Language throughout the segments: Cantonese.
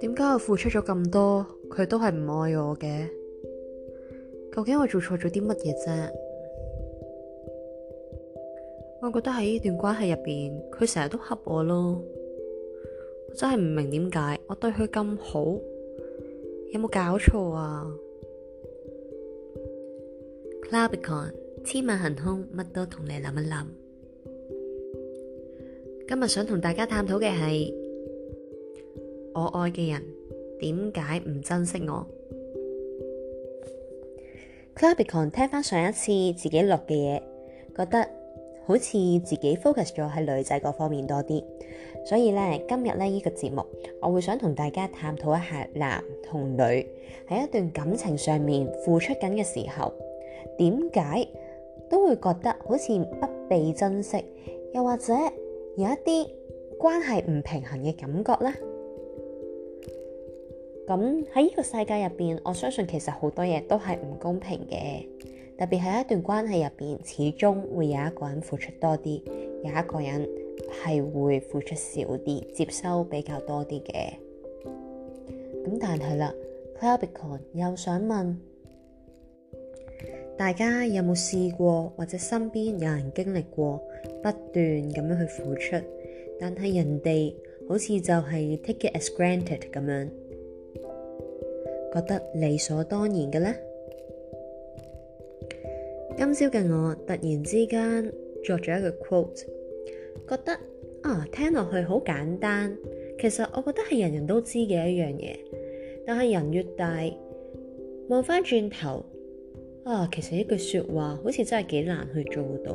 點解我付出咗咁多，佢都係唔愛我嘅？究竟我做錯咗啲乜嘢啫？我覺得喺呢段關係入邊，佢成日都恰我咯，我真係唔明點解我對佢咁好，有冇搞錯啊？Club Icon，天馬行空，乜都同你諗一諗。今日想同大家探討嘅係我愛嘅人點解唔珍惜我？Clubicon 聽翻上一次自己錄嘅嘢，覺得好似自己 focus 咗喺女仔嗰方面多啲，所以呢，今日呢呢個節目我會想同大家探討一下男同女喺一段感情上面付出緊嘅時候，點解都會覺得好似不被珍惜，又或者？有一啲關係唔平衡嘅感覺啦，咁喺呢個世界入邊，我相信其實好多嘢都係唔公平嘅，特別喺一段關係入邊，始終會有一個人付出多啲，有一個人係會付出少啲，接收比較多啲嘅。咁但係啦，Cloubicon 又想問大家有冇試過，或者身邊有人經歷過？不斷咁樣去付出，但係人哋好似就係 take it as granted 咁樣，覺得理所當然嘅呢。今朝嘅我突然之間作咗一個 quote，覺得啊聽落去好簡單，其實我覺得係人人都知嘅一樣嘢，但係人越大，望翻轉頭啊，其實一句說話好似真係幾難去做到。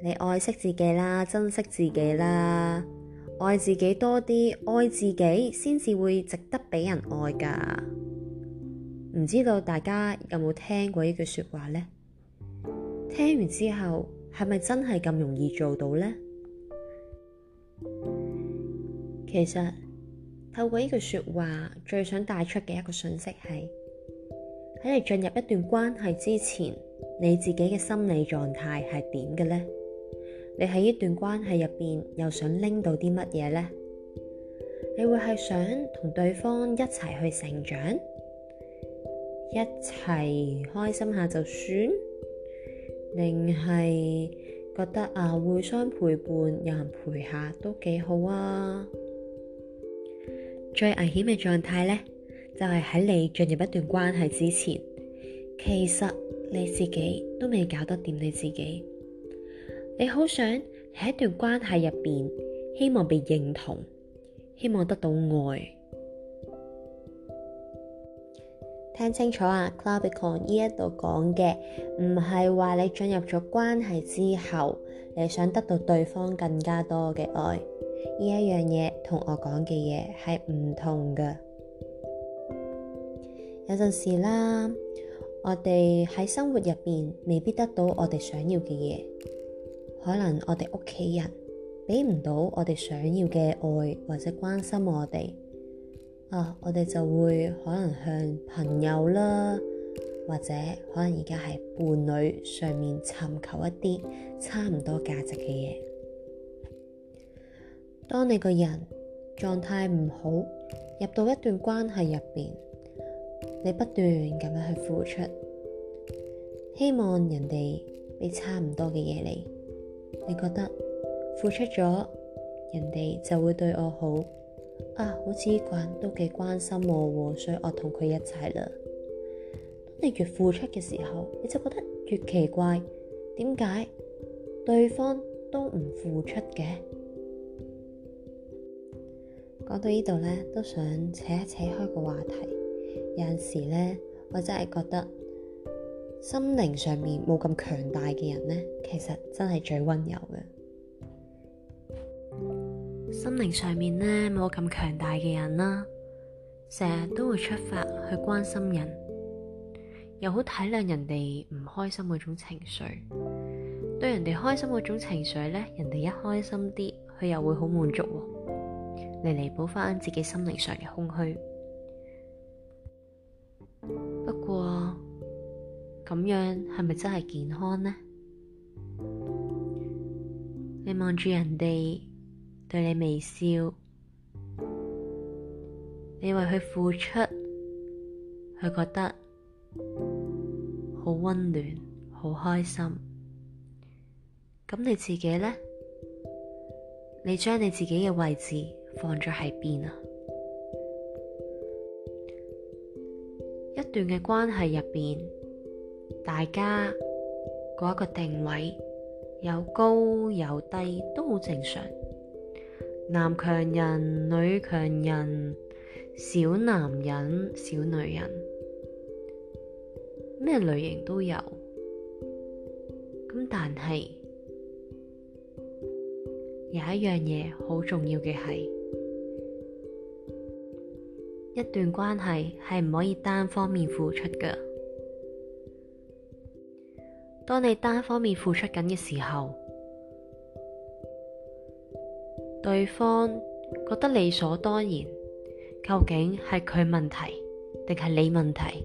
你愛惜自己啦，珍惜自己啦，愛自己多啲，愛自己先至會值得俾人愛噶。唔知道大家有冇聽過呢句說話呢？聽完之後係咪真係咁容易做到呢？其實透過呢句說話，最想帶出嘅一個信息係喺你進入一段關係之前，你自己嘅心理狀態係點嘅呢？你喺呢段關係入邊又想拎到啲乜嘢咧？你會係想同對方一齊去成長，一齊開心下就算，定係覺得啊互相陪伴，有人陪下都幾好啊？最危險嘅狀態咧，就係、是、喺你進入一段關係之前，其實你自己都未搞得掂你自己。你好想喺一段關係入邊，希望被認同，希望得到愛。聽清楚啊，Clubicon 呢一度講嘅唔係話你進入咗關係之後，你想得到對方更加多嘅愛。呢一樣嘢同我講嘅嘢係唔同㗎。有陣時啦，我哋喺生活入邊未必得到我哋想要嘅嘢。可能我哋屋企人畀唔到我哋想要嘅愛或者關心我哋啊，我哋就會可能向朋友啦，或者可能而家係伴侶上面尋求一啲差唔多價值嘅嘢。當你個人狀態唔好，入到一段關係入邊，你不斷咁樣去付出，希望人哋畀差唔多嘅嘢你。你覺得付出咗，人哋就會對我好啊？好似個人都幾關心我啊，所以我同佢一齊啦。當你越付出嘅時候，你就覺得越奇怪，點解對方都唔付出嘅？講到呢度咧，都想扯一扯開個話題。有陣時咧，我真係覺得。心靈上面冇咁強大嘅人呢，其實真係最溫柔嘅。心靈上面呢，冇咁強大嘅人啦，成日都會出發去關心人，又好體諒人哋唔開心嗰種情緒，對人哋開心嗰種情緒呢，人哋一開心啲，佢又會好滿足，嚟彌補翻自己心靈上嘅空虛。咁樣係咪真係健康呢？你望住人哋對你微笑，你為佢付出，佢覺得好溫暖、好開心。咁你自己呢？你將你自己嘅位置放咗喺邊啊？一段嘅關係入邊。大家嗰一個定位有高有低都好正常，男強人、女強人、小男人、小女人，咩類型都有。咁但係有一樣嘢好重要嘅係，一段關係係唔可以單方面付出㗎。當你單方面付出緊嘅時候，對方覺得理所當然，究竟係佢問題，定係你問題，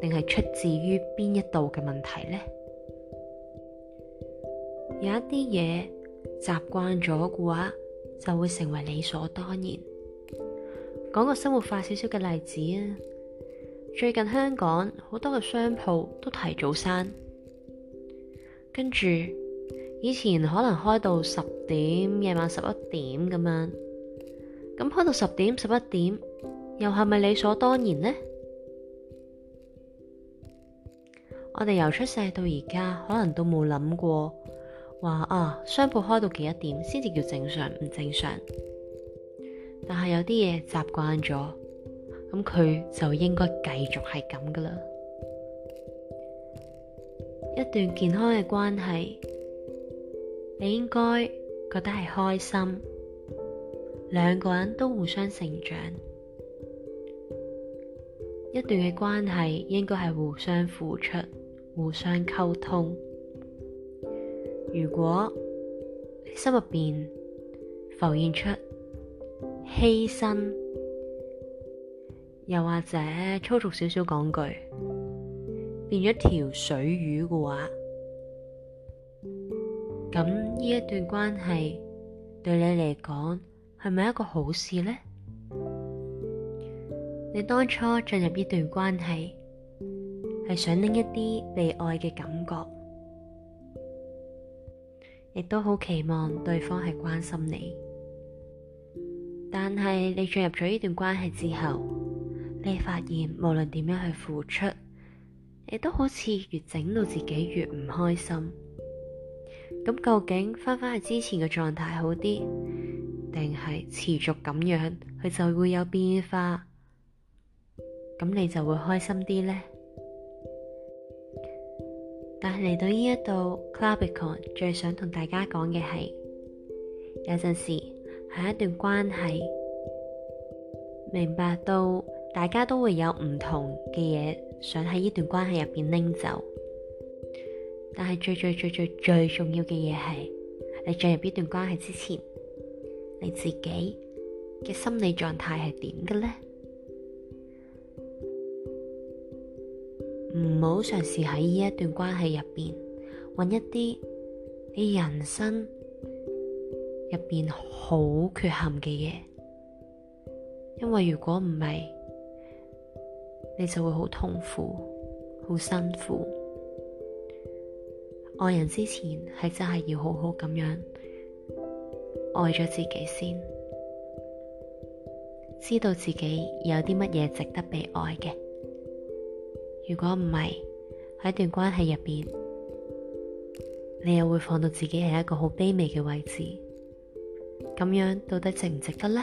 定係出自於邊一度嘅問題呢？有一啲嘢習慣咗嘅話，就會成為理所當然。講個生活化少少嘅例子啊，最近香港好多嘅商鋪都提早閂。跟住，以前可能開到十點、夜晚十一點咁樣，咁、嗯、開到十點、十一點，又係咪理所當然呢？我哋由出世到而家，可能都冇諗過話啊，商鋪開到幾多點先至叫正常唔正常？但係有啲嘢習慣咗，咁佢就應該繼續係咁噶啦。一段健康嘅關係，你應該覺得係開心，兩個人都互相成長。一段嘅關係應該係互相付出、互相溝通。如果你心入邊浮現出犧牲，又或者粗俗少少講句。變咗條水魚嘅話，咁呢一段關係對你嚟講係咪一個好事呢？你當初進入呢段關係，係想拎一啲被愛嘅感覺，亦都好期望對方係關心你。但係你進入咗呢段關係之後，你發現無論點樣去付出。亦都好似越整到自己越唔開心，咁究竟翻返去之前嘅狀態好啲，定係持續咁樣佢就會有變化，咁你就會開心啲呢？但係嚟到呢一度，Clavico 最想同大家講嘅係，有陣時下一段關係，明白到。大家都會有唔同嘅嘢，想喺呢段關係入邊拎走，但係最最最最最重要嘅嘢係，你進入呢段關係之前，你自己嘅心理狀態係點嘅呢？唔好嘗試喺呢一段關係入邊揾一啲你人生入邊好缺陷嘅嘢，因為如果唔係。你就會好痛苦、好辛苦。愛人之前係真係要好好咁樣愛咗自己先，知道自己有啲乜嘢值得被愛嘅。如果唔係喺段關係入邊，你又會放到自己係一個好卑微嘅位置，咁樣到底值唔值得呢？